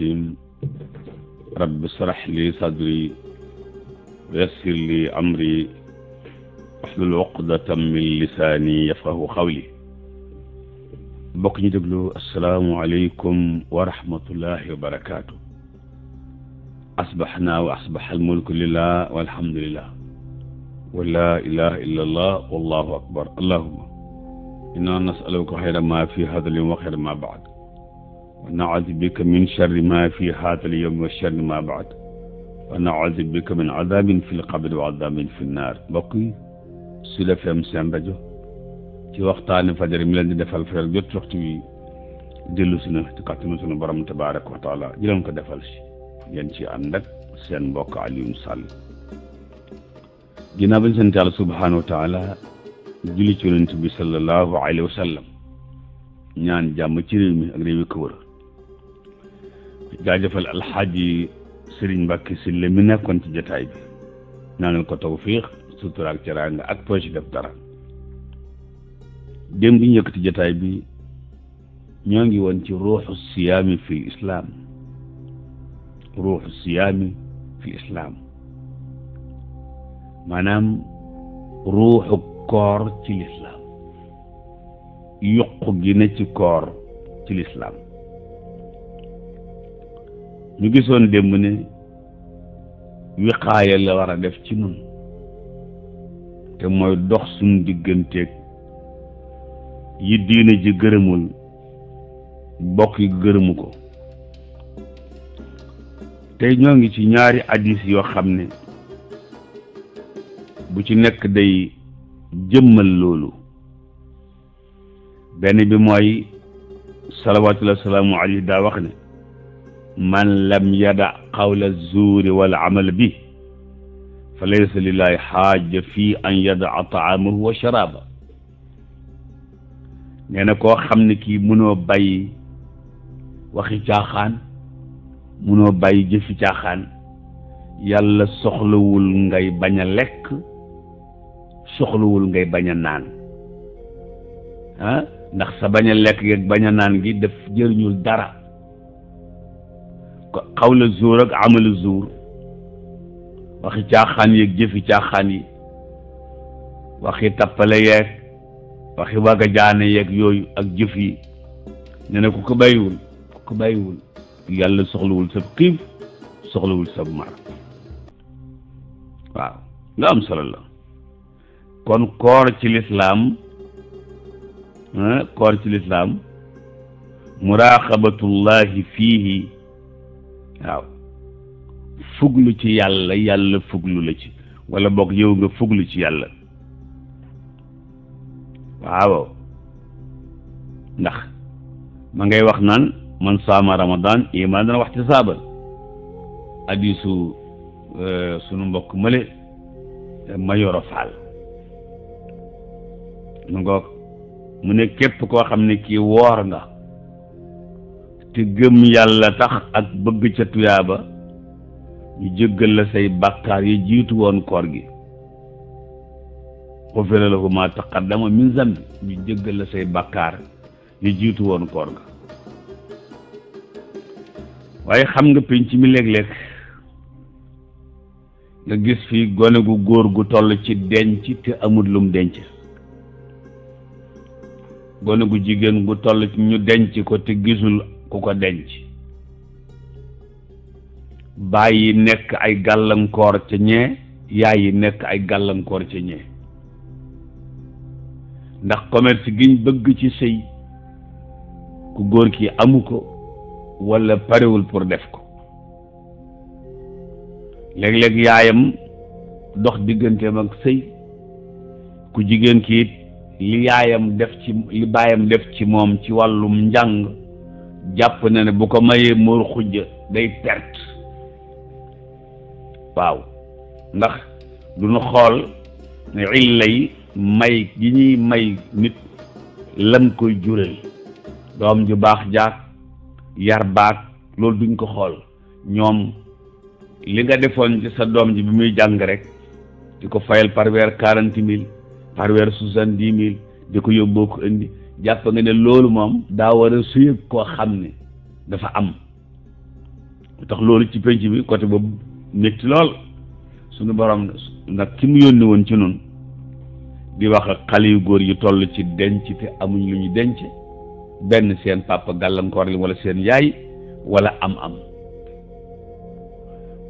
rahim rabbi srah li sadri wa yassir li amri wahlul uqdatan min lisaani yafqahu qawli bokk ñu déglu asalaamu aleykum wa rahmatullahi wa barakaatu asbaxnaa wa asbaxa almulku lillah walhamdulillah wa laa ilaha illa allah wallahu akbar allahuma inna nasaluka xayra ma fi hada lyowm wa xayra ma baad wa naudu bika min charri ma fi haatal yowm wa charri ma baad wa naudu bika min adabin fi lqabri wa adabin fi nnaar mbokk yi Sud FM seen rajo ci waxtaani fajar mi leen di defal fajar jot waxtu wi dellu si na ci kàttanu sunu borom tabaaraka wa taala jëleen ko defal si ngeen ci ànd ak seen mbokk Alioune Sall ginnaaw bañ sant yàlla subhaanahu wa taala julli ci yonent bi sallallahu alayhi wa sallam ñaan jàmm ci réew mi ak réew yi ko wër jaajëfal alxaaji Serigne Mbàkke Sylla mi nekkoon ci jataay bi ñaanal ko tawfiix sutura ak teraanga ak projet def dara dém bi njëkk ci jataay bi ñoo ngi woon ci ruuxu siyaami fi islaam ruuxu siyaami fi islaam maanaam ruuxu koor ci lislaam yokk ci koor ci lislaam ñu gisoon démb ne wiqaaya la war a def ci nun te mooy dox suñ digganteeg yi diine ji gërëmul bokk gërëmu ko tey ñoo ngi ci ñaari hadis yoo xam ne bu ci nekk day jëmmal loolu benn bi mooy salawaatullahi salaamu alayhi daa wax ne man lam yada qawla zuuri wal amal bi fa laysa lillahi xaaja fii an yadaa taamahu wa sharaaba nee na koo xam ne kii mënoo bàyyi waxi caaxaan mënoo bàyyi jëfi caaxaan yàlla soxlawul ngay bañ a lekk soxlawul ngay bañ a naan ah ndax sa bañ a lekk yeeg bañ a naan gi daf jëriñul dara xawla zuur ak amalu zuur waxi caaxaan yeeg jëfi caaxaan yi waxi tappale yeeg waxi wagga jaane yeeg yooyu ak jëf yi ne na ku ko bàyyiwul ku ko bàyyiwul yàlla soxlawul sa xiif soxlawul sa mar waaw nga am solo la kon koor ci lislaam ah, koor ci lislaam muraqabatullahi fiihi waaw fuglu ci yàlla yàlla fuglu la ci wala boog yow nga fuglu ci yàlla waaw ndax ma ngay wax naan man saama ramadan iman dana wax ci saaban hadiisu euh, sunu mbokk mële mayoro faal mu ngoog mu ne képp koo xam ne kii woor nga te gëm yàlla tax ak bëgg ca tuyaaba ñu jéggal la say bàkkaar yi jiitu woon koor gi xufira lahu maa taqaddama min zambi ñu jéggal la say bàkkaar yi jiitu woon koor ga waaye xam nga penc mi léeg-léeg nga gis fi gone gu góor gu toll ci denc te amul lum denc gone gu jigéen gu toll ci ñu denc ko te gisul ku ko denc baay nekk ay gàllankoor ca ñee yaay yi nekk ay gàllankoor ca ñee ndax commerce giñ bëgg ci sëy ku góor ki amu ko walla parewul pour def ko léeg-léeg yaayam dox digganteem ak sëy ku jigéen ki it li yaayam def ci li baayam def ci moom ci wàllum njàng jàpp na ne bu ko mayee móor xujja day perte waaw ndax du ñu xool ne illay may gi ñuy may nit lan koy jural doom ju baax jaag yar baag loolu duñ ko xool ñoom li nga defoon ci sa doom ji bi muy jàng rek di ko fayal par weer quarante mille par weer soixante dix mille di ko yóbboo ko indi jàpp nga ne loolu moom daa war a suyëg koo xam ni dafa am tax loolu ci penc bi côté boobu métti lool suñu borom nag ki mu yónni woon ci nun di wax ak xale yu góor yi toll ci denc te amuñ lu ñuy denc benn seen papa gàllankoor li wala seen yaay wala am-am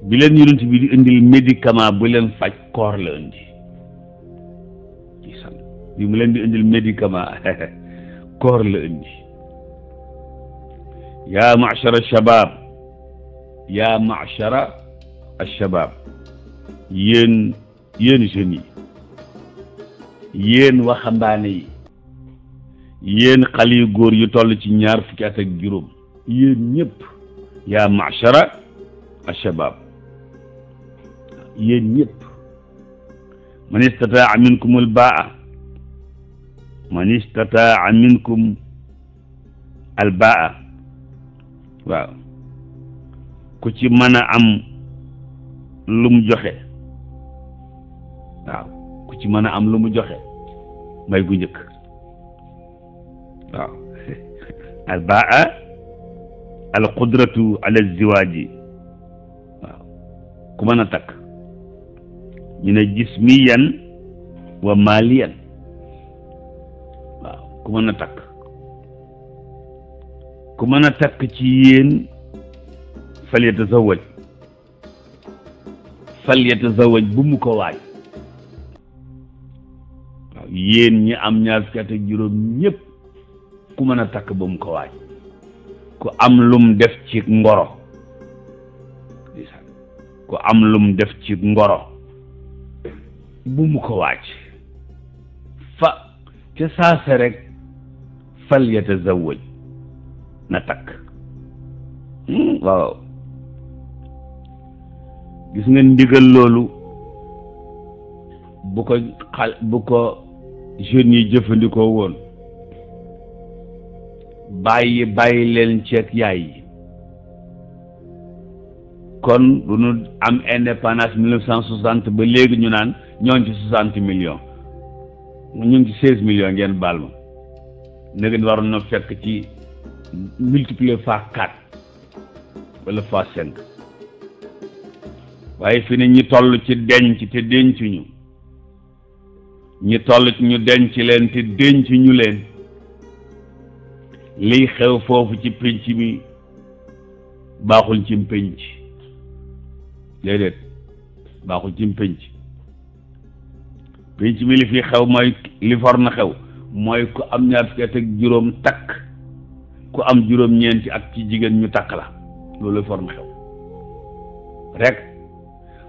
bi leen yonent bi di indil médicament bu leen faj koor la indi bi mu leen di indil médicament koor la indi yaa machara shabaab yaa machara alshabaab yéen yéen jeunes yi yéen waxambaane yi yéen xale yu góor yu toll ci ñaar fukki at ak juróom yéen ñëpp yaa machara alshabaab yéen ñëpp man istataa minkum al man istataa minkum albaa waaw ku ci mën a am lum joxe waaw ku ci mën a am lu mu joxe may gu njëkk waaw albaa alqudratu ala ziwaaji waaw ku mën a takk ñu ne jismiyan wa maaliyan ku mën a takk ku mën a takk ci yéen fal yatazawaj fal yatazawaj bu mu ko waaj waaw yéen ñi am ñaar fukki at juróom ñëpp ku mën a takk ba mu ko waaj ku am lum def ci ngoro ku am lum def ci ngoro bu mu ko waaj fa ca saase rek falyatazawaj na takk waaw gis nga ndigal loolu bu ko xal bu ko jeunes yi jëfandikoo woon bàyyi bàyyi leen ceeg yaay kon du ñu am indépendance mille neuf cent soixante ba léegi ñu naan ñooñ ci soixante millions ñu ngi ci seize ngeen baal ma nageen waroon na fekk ci multiplier fois quatre waaye fi ne ñi toll ci denc te denc ñu ñi toll ci ñu denc leen te denc ñu leen liy xew foofu ci pénc mi baaxul ci pénc déedéet baaxul ci pénc pénc mi li fii xew mooy li for na xew mooy ku am ñaar fukki at juróom takk ku am juróom-ñeenti at ci jigéen ñu takk la loolu forme xew rekk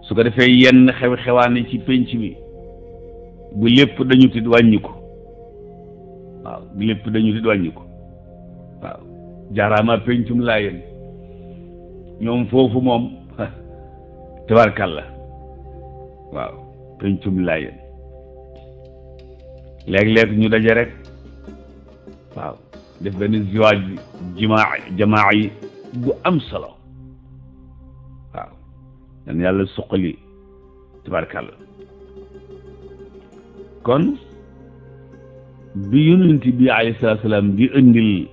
su ko defee yenn xew-xewaane ci pénc mi bu lépp dañu tit wàññiku ko waaw bu lépp dañu tit wàññiku ko waaw jaaraama péncum laa ñoom foofu moom tabarkal la waaw péncum laa léeg-léeg ñu daje rek waaw def benn ziwaaj jimaa jamaa yi bu am solo waaw dan yàlla suqali tabarkàlla kon bi yonent bi alayhi salaatu salaam di indil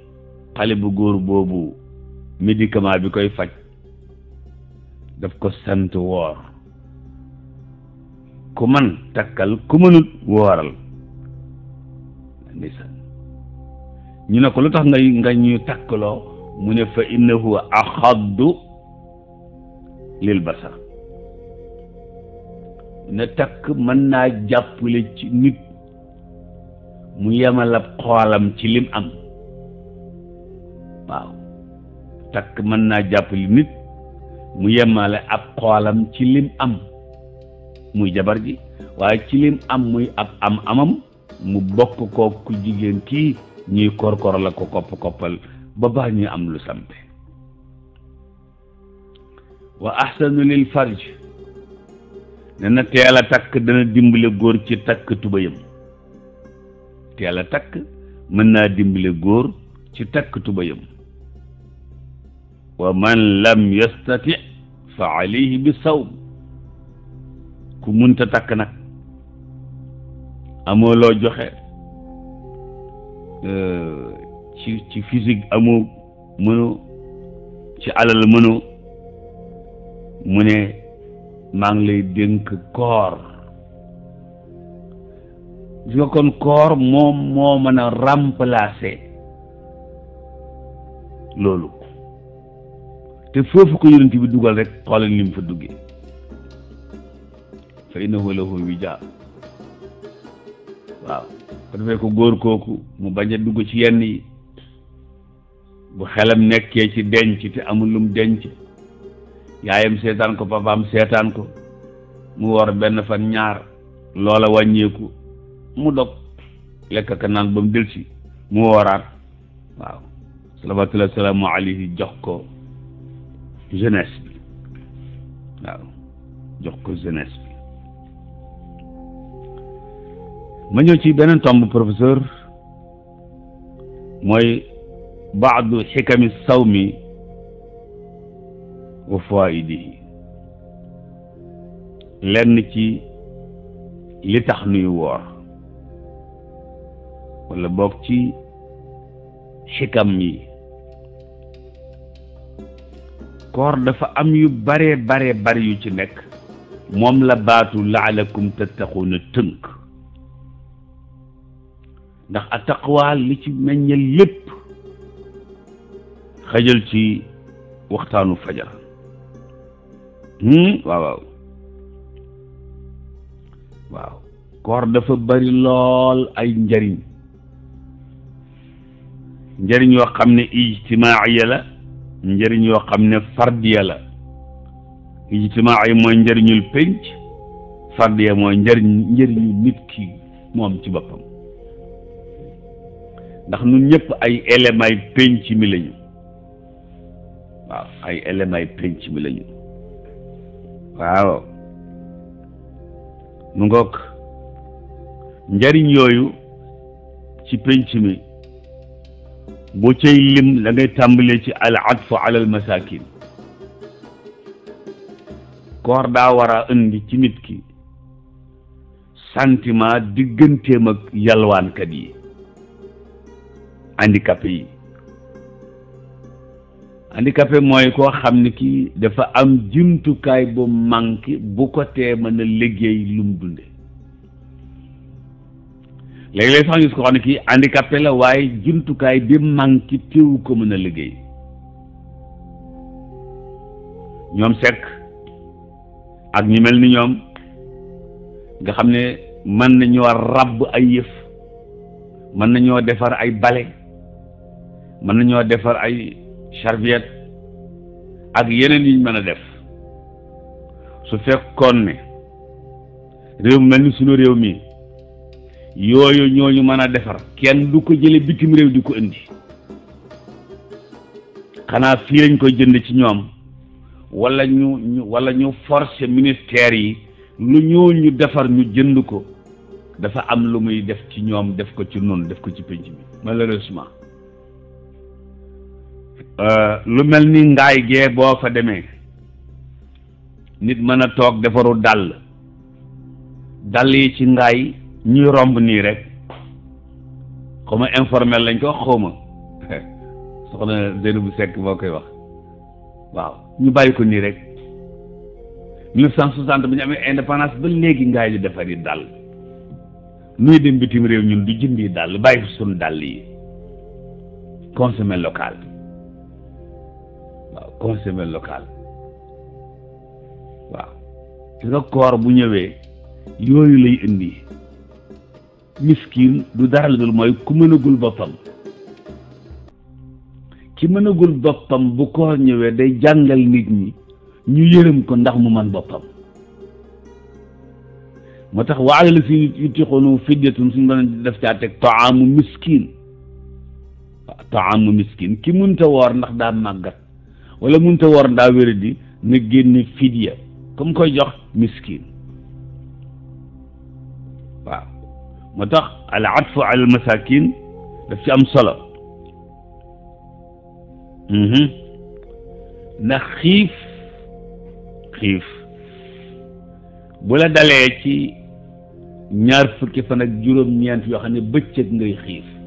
xale bu góor boobu médicament bi koy faj daf ko sant woor ku man takkal ku mënut wooral ñu ne ko lu tax nga nga ñu takkloo mu ne fa innahu axaddu lil basar ne takk mën naa jàppale ci nit mu yemalab xoolam ci lim am waaw takk mën naa jàppale nit mu yemale ab xoolam ci lim am muy jabar ji waaye ci lim am muy ab am amam mu bokk ko jigéen kii ñuy kor la ko kopp-koppal ba baa ñuy am lu sampe wa ahsanu lil farj ne na teel takk dana dimbale góor ci takk tubayam teel a takk mën naa dimbale góor ci takk tubayam wa man lam yastati fa alayhi bi sawm ku munta takk nag amoo loo joxe euh, ci ci physique amoo mënoo ci alal mënoo mu ne maa ngi lay dénk koor gis nga kon koor moom moo mën a remplacer loolu te foofu ko yonent bi dugal rek xoolal ni mu fa duggee fa innahu lahu wijaa waaw ko ko góor kooku mu bañ a dugg ci yenn yi bu xelam nekkee ci denc te amul denc yaayam seetaan ko papaam seetaan ko mu war benn fan ñaar loola wàññeeku mu dog lekk ak naan ba mu delsi mu wooraat waaw salawaatullaahi salaamu alayhi jox ko jeunesse bi waaw jox ko jeunesse bi ma ñëw ci beneen tomb professeur mooy baadu xikami sawmi wa fawaidihi lenn ci li tax nuy woor wala boog ci xikam yi koor dafa am yu bare bare bare yu ci nekk moom la baatu laalakum tattaquuna tënk ndax attaqwa li ci meññal lépp xajal ci waxtaanu fajar hmm? waaw waaw koor dafa bari lool ay njariñ njariñ yoo xam ne ijtimaiya la njariñ yoo xam ne fardiya la ijtimaay mooy njariñul pénc fardiya mooy njariñ njariñu nit ki moom ci boppam ndax ñun ñëpp ay éléments yi penc mi lañu waaw ay éléments yi mi lañu waaw mu ngoog njariñ yooyu ci penc mi boo cay lim da tàmbalee ci al atfu ala al masakin koor daa war a indi ci nit ki sentiment digganteem ak yalwaankat yi handicapé yi handicapé mooy koo xam ne kii dafa am jumtukaay bu manqué bu ko tee mën a liggéey lum dunde léegi-léeg sax gis ko xam ne kii handicapé la waaye jumtukaay bi ki téewu ko mën a liggéey ñoom sekk ak ñu mel ni ñoom nga xam ne mën nañoo ràbb ay yëf mën nañoo defar ay bale mën nañoo defar ay serviette ak yeneen yiñ mën a def su fekkoon ne réew mel ni réew mi yooyu ñooñu mën a defar kenn du ko jële bitim réew di ko indi xanaa fii lañ koy jënd ci ñoom wala ñu wala ñu forcé ministère yi lu ñoo ñu defar ñu jënd ko dafa am lu muy def ci ñoom def ko ci noonu def ko ci pénc bi malheureusement Euh, lu mel ni ngaay gee boo fa demee nit mën a toog defaru dàll dàll yi ci ngaay ñuy romb nii rek xaw ma informel lañ ko wax xaw ma soxna Zeynabu Seck moo koy wax waaw ñu bàyyi ko nii rek mille cent soixante bu ñu amee indépendance ba léegi ngaay di defari dàll nuy dem bitim réew ñun du jëndi dàll bàyyi suñu dàll yi consommé local consommer local waaw ci nga koor bu ñëwee yooyu lay indi miskin du dara lu dul mooy ku mënagul boppam ci mënagul boppam bu koor ñëwee day jàngal nit ñi ñu yërëm ko ndax mu man boppam moo tax waala la si yutixoonu fidyatun suñu doon def caa teg taamu miskin waaw taamu miskin ki mënta woor ndax daa màggat wala mu a war ndaa wéradi na génne fidya comme koy jox miskin waaw tax al atfu ala al masakin daf ci am solo mhm. ndax xiif xiif bu la dalee ci ñaar fukki fan ak juróom-ñeent yoo xam ne bëccëg ngay xiif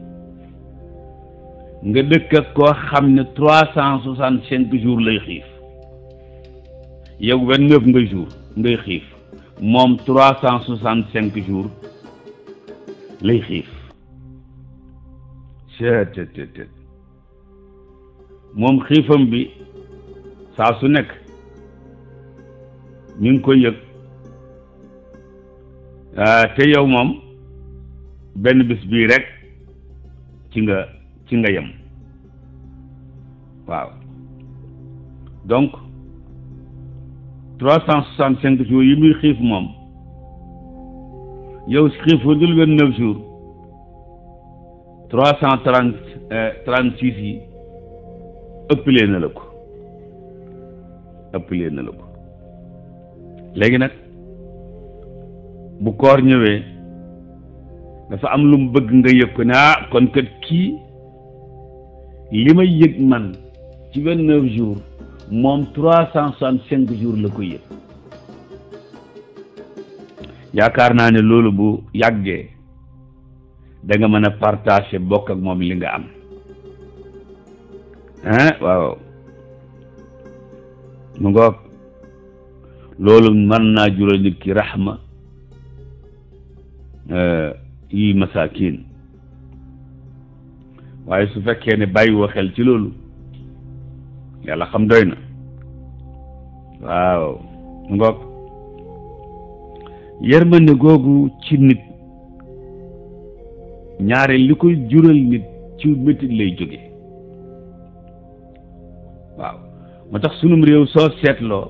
nga dëkk ak koo xam ne trois cent soixante cinq jours lay xiif yow vingt neuf nga jour ngay xiif moom trois cent soixante jours lay xiif moom xiifam bi saa su nekk mi ngi koy yëg ah, te yow moom benn bis bii rek ci nga ci nga yem waaw donc trois cent soixante cinq jours yi muy xiif moom yow xiifoo dul vingt neuf jours trois cent trente euh, trente six yi ëppalee na la ko ëppalee na la ko léegi nag bu koor ñëwee dafa am lu mu bëgg nga yëg ko ne ah, kon kat kii li may yëg man ci vingt neuf jours moom trois cent soixante cinq jours la ko yëg yaakaar naa ne loolu bu yàggee da nga mën a partager bokk ak moom li nga am hein waaw mu ngoog loolu mën naa jural nit ki raxma euh, yi masaakin waaye su fekkee ne bàyyiwoo xel ci loolu yàlla xam doy na waaw ngoog yërmande googu ci nit ñaare li koy jural nit ci métit lay jóge waaw moo tax sunum réew soo seetloo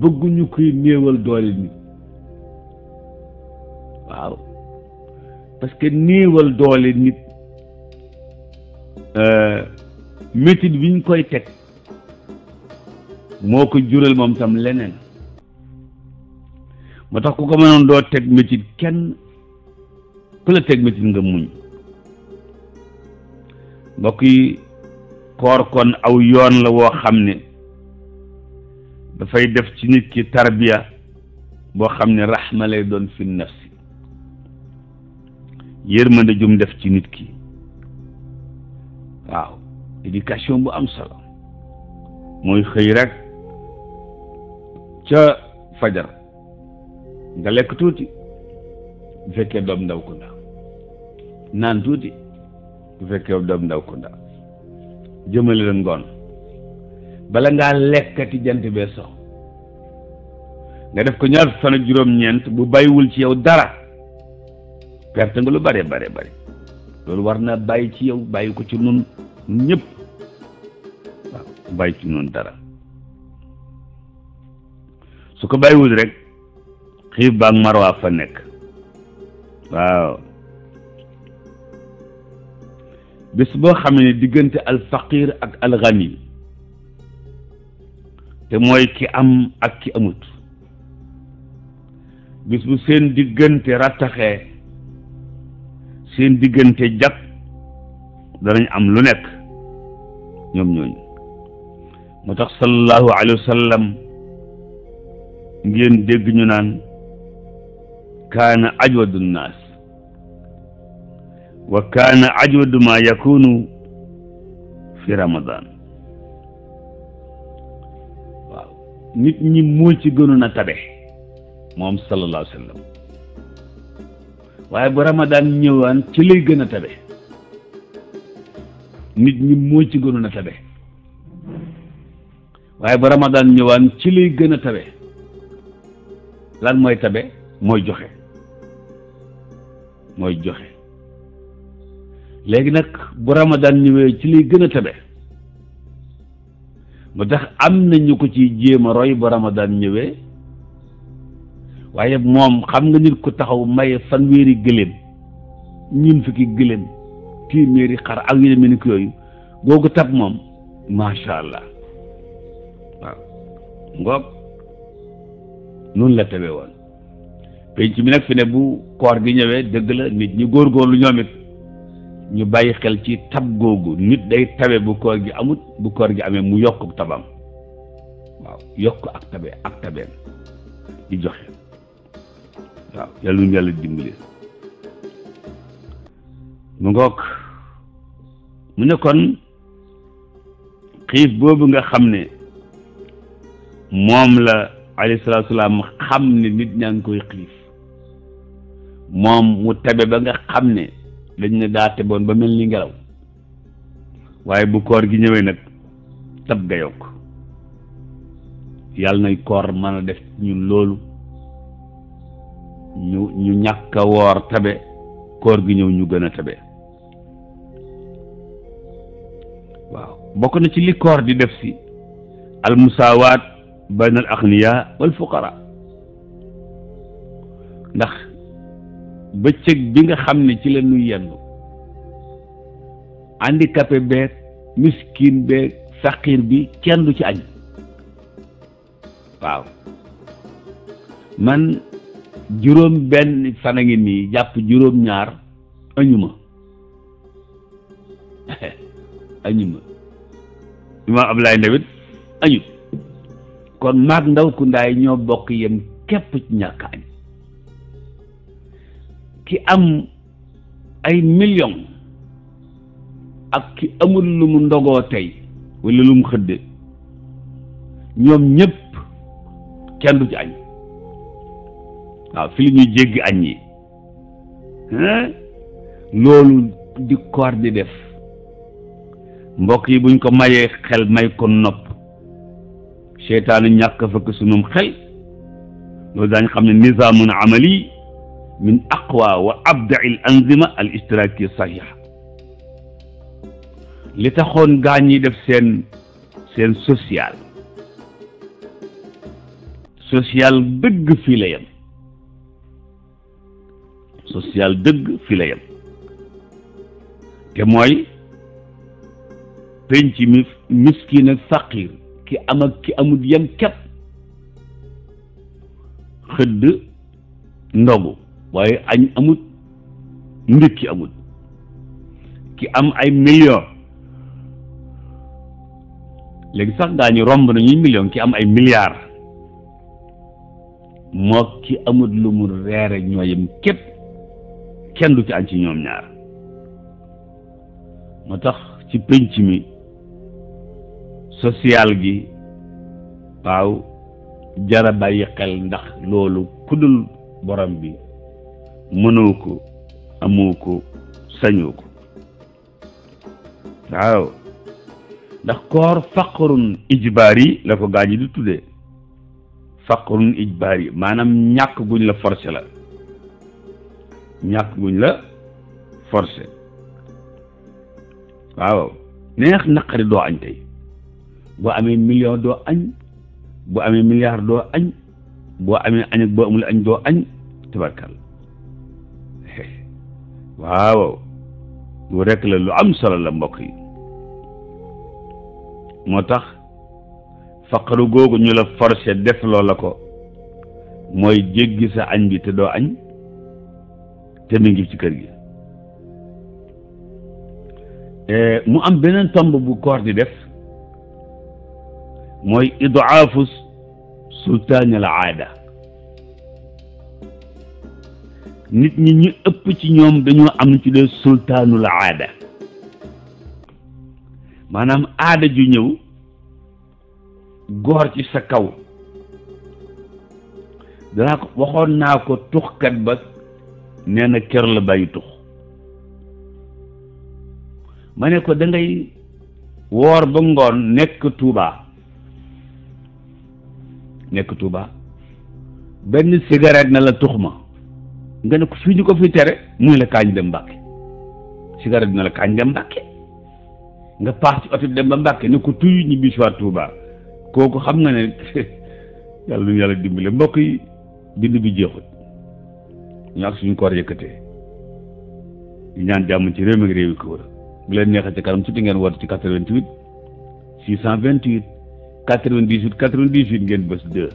bëgguñu koy néewal doole nit waaw parce néewal doole nit Euh, métit bi ñu koy teg moo ko jural moom tam leneen moo tax ku ko mënoon doo teg métit kenn ku la teg métit nga muñ mbokk yi koor kon aw yoon la woo xam ne dafay def ci nit ki tarbiya boo xam ne raxma lay doon fi nafsi yërmande jum def ci nit ki waaw éducation bu am solo mooy xëy rek ca fajar nga lekk tuuti bu fekkee doom ndaw ku naan tuuti bu fekkee doom ndaw ku ndaw jëmale la ngoon bala ngaa lekkati jant bee sox nga def ko ñaar fan juróom-ñeent bu bàyyiwul ci yow dara perte nga lu bare bare bare loolu war na bàyyi ci yow bàyyi ko ci nun ñépp waaw bàyyi ci nun dara su ko bàyyiwul rek xiif baag marwaa fa nekk waaw bés boo xam ne diggante alfaqir ak alxani te mooy ki am ak ki amut bis bu seen diggante rattaxee seen diggante jag danañ am lu nekk ñoom ñooñu moo tax sallallahu alayhi wa sallam ngeen dégg ñu naan kaana ajwadu nnaas wa kaana ajwadu ma yakunu fi ramadan waaw nit ñi ci gënoon a tabe moom sallallahu alayhi waaye bu ramadaan ñëwaan ci lay gën a tabe nit ñi moo ci gënoon a tabe waaye bu ramadaan ñëwaan ci lay gën a tabe lan mooy tabe mooy joxe mooy joxe léegi nag bu ramadaan ñëwee ci lay gën a tabe mu tax am na ñu ko ci jéem a roy bu ramadaan ñëwee waaye moom xam nga nit ku taxaw maye fanweeri gëléem ñun fukki gëléem téeméeri xar ak yu demee ni yooyu boo ko tab moom macha allah waaw ngoog noonu la tawee woon penc mi nag fi ne bu koor gi ñëwee dëgg la nit ñi góor lu it ñu bàyyi xel ci tab googu nit day tabe bu koor gi amut bu koor gi amee mu yokk tabam waaw yokk ak tabe ak tabeem di joxe waaw ah, yàlla nu yàlla dimbali mu ngoog mu ne kon xiif boobu nga xam ne moom la alayhi salaatu salaam xam ne nit ñaa ngi koy xiif moom mu tabe ba nga xam ne dañ ne daa teboon ba mel ni ngelaw waaye bu koor gi ñëwee nag tab ga yokk yàlla nay koor mën a def ñun loolu ñu ñu ñàkk woor tabe koor gi ñëw ñu gën a tabe waaw bokk na ci li koor di def si al musaawaat bayn al axniya ndax bëccëg bi nga xam ne ci la ñuy yendu handicapé beeg miskin beeg saqir bi kenn du ci añ waaw man juróom benn fan a ngi nii jàpp juróom ñaar añuma añuma imaam Ablaay ndawit añu kon maag ndaw ku ndaay ñoo bokk yem képp ñàkk añ ki am ay million ak ki amul lu mu ndogoo tey walla lu mu xëdde ñoom ñëpp kenn du ci añ waaw fi la ñuy jéggi añ yi loolu di koor di def mbokk yi buñ ko mayee xel may ko nopp seytaane ñàkk fëkk sunum xel loolu daañ xam ne nizaamun amali min aqwa wa abdaa il anzima al li taxoon gaañ def seen seen social social dëgg fii social dëgg fi la yem te mooy penc mi miskin ak faqiir ki am ki amut yem kepp xëdd ndogu waaye añ amut ndékki amut ki am ay million léegi sax gaa ñu romb nañuy million ki am ay milliards moo ki amut lu mu reere ñooyam képp kenn du ci añ ci ñoom ñaar moo tax ci pénc mi social gi waaw jara bàyyi xel ndax loolu kudul borom bi mënoo ko amoo ko sañoo ko waaw ndax koor faqrun ijbaar yi la ko gaañi di tuddee faqrun ijbaar yi maanaam ñàkk guñ la forcé la ñàkk guñ la forcé waaw neex naqari doo añ tey boo amee million doo añ boo amee milliard doo añ boo amee añ ak boo amul añ doo añ tabarkal waaw lu rekk la lu am solo la mbokk yi moo tax faqaru googu ñu la forcé def loola ko mooy jéggi sa añ bi te doo añ te mi ci kër gi eh, mu am beneen tomb bu koor di def mooy idaafu sultaan al aada nit ñi ñu ëpp ci ñoom dañoo am ci dee sultaanul aada maanaam aada ju ñëw góor ci sa kaw danaa ko waxoon naa ko tuxkat ba nee na ker la bàyyi tux ma ne ko da woor ba ngoon nekk Tuuba nekk Tuuba benn cigarette na la tux ma nga ne ko fii ñu ko fi tere muy la kaañ dem Mbàkke cigarette na la kaañ dem Mbàkke nga paax ci oto dem ba Mbàkke ne ko tuy ñu bisuwaat Tuuba kooku xam nga ne yàlla nu yàlla dimbale mbokk yi bind bi jeexul ñu ak suñu koor yëkkatee di ñaan jàmm ci réew mi ak réew yi ko wër bu leen neexee ci kanam tuuti ngeen woote ci 88 628 98 98 ngeen bës 2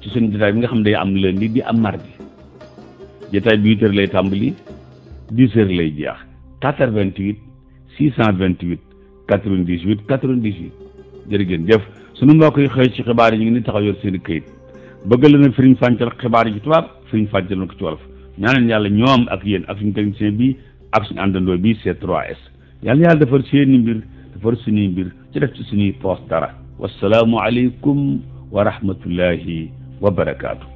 ci suñu jotaay bi nga xam ne day am lundi di am mardi jotaay bi 8 heures lay tàmbali du heures lay jeex 88 628 98 98 jërë ngeen jëf sunu mbokk yi xëyee ci xibaar yi ñu ngi ni taxaw yor seeni i këyit bëgg la na fàncal xibaar suñu fàjjaloon ko ci wolof ñaaneen yàlla ñoom ak yéen ak suñu technicien bi ak suñu àndandoo bi C3S yàlla yàlla defar seeni mbir defar suñuy mbir ci def ci suñuy poos dara wasalaamu aleykum wa rahmatullahi wa barakaatu.